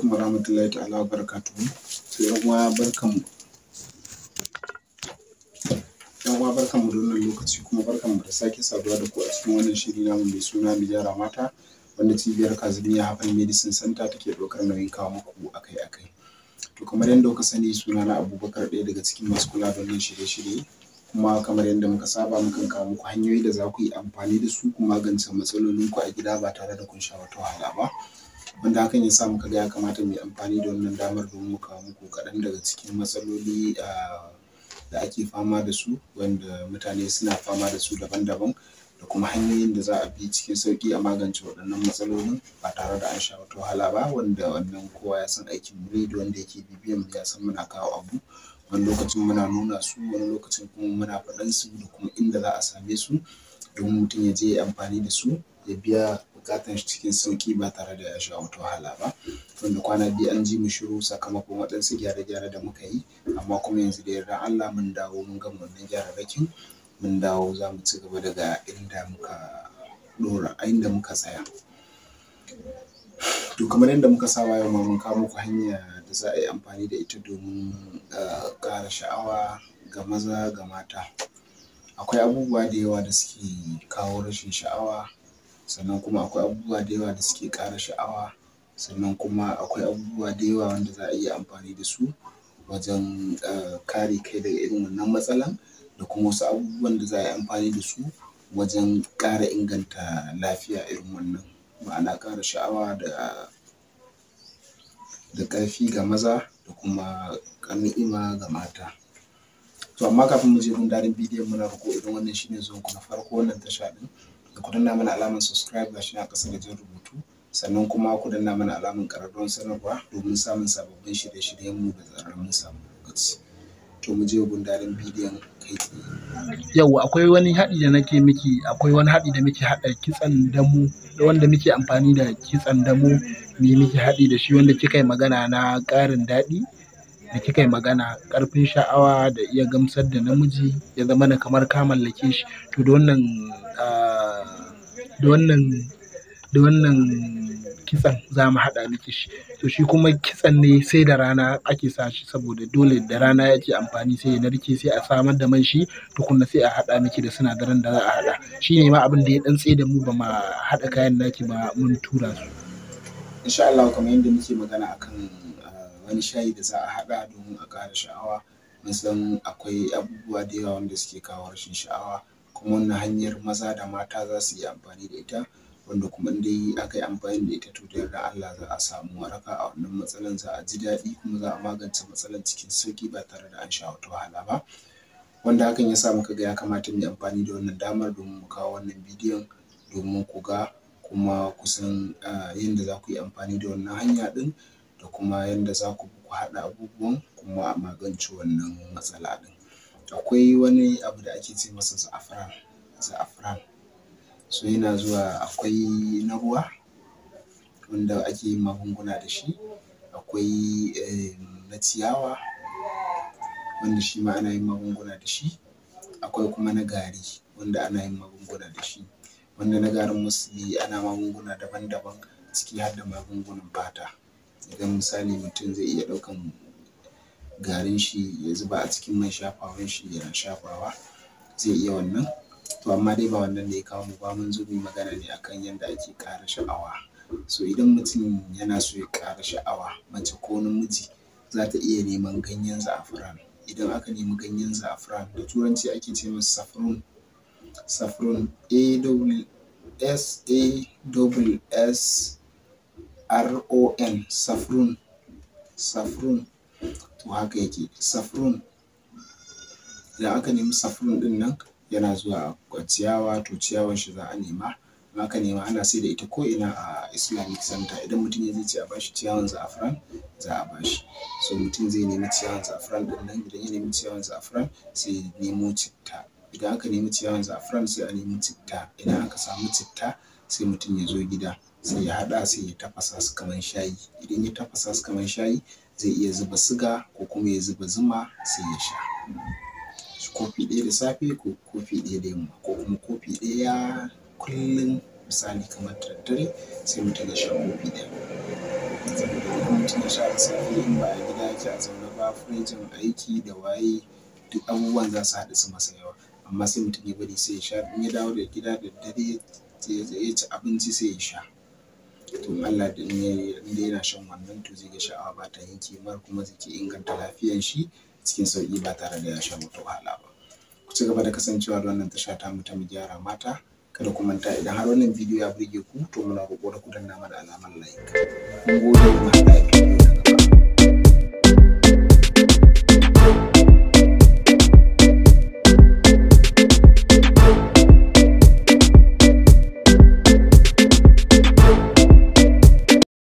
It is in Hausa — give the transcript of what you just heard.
alaikum warahmatullahi ta'ala wa barakatuhu sai yan uwa barkan yan uwa barkan mu da wannan lokaci kuma barkan mu da sake saduwa da ku a cikin wannan shiri namu mai suna mijara mata wanda cibiyar kazumiya hafan medicine center take dokar nauyin kawo muku akai akai to kamar yadda kuka sani suna na abubakar ɗaya daga cikin masu kula da wannan shirye-shirye kuma kamar yadda muka saba mukan kawo muku hanyoyi da za ku yi amfani da su ku magance matsalolin ku a gida ba tare da kun sha wata wahala ba wanda hakan ya sa muka ga ya kamata mu yi amfani da wannan damar domin mu kawo muku kaɗan daga cikin matsaloli ah, da ake fama da su wanda mutane suna fama da su daban-daban da kuma hanyoyin da za a bi cikin sauƙi a magance waɗannan matsalolin ba tare da an sha wata wahala ba wanda wannan kowa ya san aikin mu da wanda yake bibiyan mu ya san muna kawo abu wani lokacin muna nuna su wani lokacin kuma muna faɗan su da kuma inda za a same su domin mutum ya je ya amfani da su ya biya bukatan shi cikin sauki ba tare da ya wata wahala ba tunda kwana biyu an ji mu shiru sakamakon waɗansu gyare-gyare da muka yi amma kuma yanzu da yarda Allah mun dawo mun gama wannan gyararrakin mun dawo za mu ci gaba daga inda muka dora inda muka tsaya to kamar yadda muka saba yau mun kawo muku hanya da za a yi amfani da ita domin kara eh, sha'awa ga maza ga mata akwai abubuwa da yawa da suke kawo rashin sha'awa sannan kuma akwai abubuwa da yawa da suke ƙara sha'awa sannan kuma akwai abubuwa da yawa wanda za a iya amfani da su wajen eh, kare kai daga irin wannan matsalan da kuma wasu abubuwan da za a yi amfani da su wajen ƙara inganta lafiya irin wannan ma'ana ƙara sha'awa da da ƙarfi ga maza da kuma ni'ima ga mata to amma kafin mu je gundarin bidiyon muna ko idan wannan shine zuwanku na farko wannan tasha ɗin da ku danna mana alamar subscribe gashi na ƙasa da jin rubutu sannan kuma ku danna mana alamar ƙararrawar sanarwa domin samun sababbin shirye-shiryen mu da zarar samun samu lokaci to mu je gundarin bidiyon kai tsaye yau akwai wani haɗi da nake miki akwai wani haɗi da muke haɗa kitsan damu da wanda muke amfani da kitsan damu ne muke haɗi da shi wanda kika yi magana na ƙarin daɗi da kika yi magana ƙarfin sha'awa da iya gamsar da namiji ya zama na kamar ka mallake shi to da wannan ah, da wannan da wannan kitson za mu haɗa miki shi to shi kuma kitson ne sai da rana ake sa shi saboda dole da rana yake amfani sai na rike sai a samar da man shi tukunna sai a haɗa miki da sinadaran da za a haɗa shi ne ma abin da ya ɗan da mu ba ma haɗa kayan naki ba mun tura su insha Allah kamar yadda muke magana akan ah, wani shayi da za a haɗa domin a ƙara sha'awa mun san akwai abubuwa da yawa wanda suke kawo rashin sha'awa kuma wannan hanyar maza da mata za su yi amfani da ita wanda kuma dai aka yi amfani da ita to da Allah za a samu waraka a wannan matsalan za a ji daɗi kuma za a magance matsalan cikin sauki ba tare da an sha wata wahala ba wanda hakan ya sa muka ga ya kamata mu yi amfani da wannan damar domin mu kawo wannan bidiyon domin ku ga kuma kusan yadda za ku yi amfani da wannan hanya ɗin da kuma yadda za ku haɗa abubuwan kuma a magance wannan matsala ɗin akwai wani abu da ake ce masa za'afran za'afran so yana zuwa akwai na ruwa wanda ake yin magunguna da shi akwai eh, na ciyawa wanda shi ma ana yin magunguna da shi akwai kuma na gari wanda ana yin magunguna da shi wanda na garin musulmi ana magunguna daban-daban ciki har da magungunan fata idan misali mutum zai iya ɗaukan garin shi ya zuba a cikin mai shafawan shi yana shafawa zai iya wannan to amma dai ba wannan da ya kawo mu ba mun zo magana ne akan yadda ake ƙara sha'awa so idan mutum yana so ya ƙara sha'awa mace ko namiji za ta iya neman ganyen za'afiran idan aka nemi ganyen za'afiran da turanci ake ce masa saffron saffron a s a s r o n saffron saffron to haka yake saffron idan aka nemi saffron din nan yana zuwa ciyawa to ciyawar shi za a nema aka nema ana sai da ita ko ina a islamic center idan mutum ya ce a bashi ciyawan za'afran za a bashi so mutum zai nemi ciyawar za'afran din nan idan ya nemi ciyawar za'afran sai ya nemo citta idan aka nemi ciyawan za'afran sai a nemi citta idan aka samu citta sai mutum ya zo gida sai ya hada sai ya tafasa su kamar shayi idan ya tafasa su kamar shayi zai iya zuba siga ko kuma ya zuba zuma sai ya sha kofi ɗaya da safe ko kofi ɗaya da yamma ko kuma kofi ɗaya kullum misali kamar tattare sai mutum ya sha kofi ɗaya saboda mutum ya sha a safe in ba a gida ke a zaune ba firijin aiki da waye duk abubuwan za su haɗu su masa yawa amma sai mutum ya bari sai ya sha in ya dawo da gida da daddare ya ci abinci sai ya sha to Allah da in yayi inda yana shan wannan to zai ga sha'awa ba ta yanke mar kuma zai ke inganta lafiyar shi cikin sauki ba tare da ya sha wata wahala ba ku ci gaba da kasancewa da wannan tasha ta mu ta mu gyara mata kada ku manta idan har wannan bidiyo ya burge ku to muna roƙo da ku danna mana alamar like mun gode